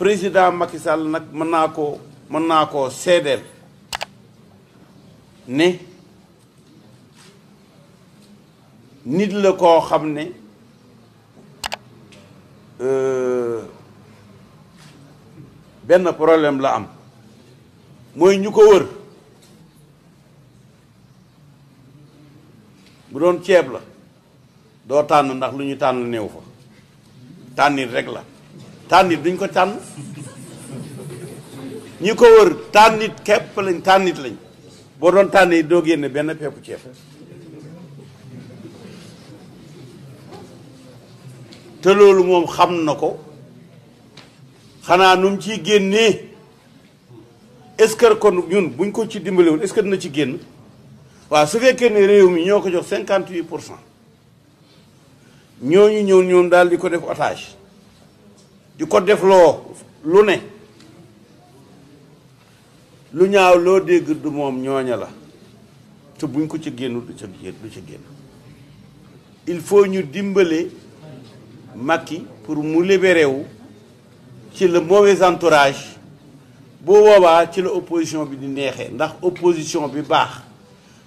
président Macky Sall nag mën naa koo mën naa koo seedeel ne nit la koo xam ne euh, benn problème la am mooy ñu ko wër bu doon ceeb la doo tànn ndax lu ñu tànn néew fa tànnit rek la tànnit duñ ko tànn ñi ko wër tànnit képp lañ tànnit lañ boo doon tànnee doo génne benn peppu ceeb te loolu moom xam na ko xanaa nu ci ciy génnee est-ce que kon ñun buñ ko ci dimbalewul est-ce que dina ci génn waaw su fekkee ne réew mi ñoo ko jox cinquante-huit pour cent ñooñu ñëw ñoom daal di ko def otage di ko defloo lu ne lu ñaaw loo dégg du moom ñooña la te buñ ko ci génn du ca génn du génn il faut ñu dimbale Macky pour mu libéré ci la mauvais entourage bu boobaa ci la opposition bi di neexee ndax opposition bi baax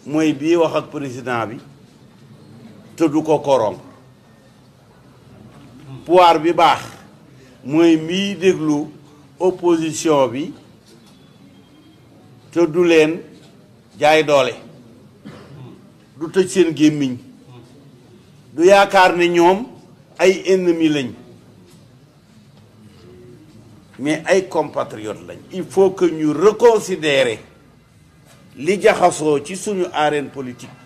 mooy bii wax ak président bi te du ko korom pouvoir bi baax mooy miy déglu opposition bi te du leen jaay doole du tëj seen gémmiñ du yaakaar ne ñoom ay ennemi lañ mais ay compatriotes lañ il faut que ñu reconsidérer li jaxasoo ci suñu arène politique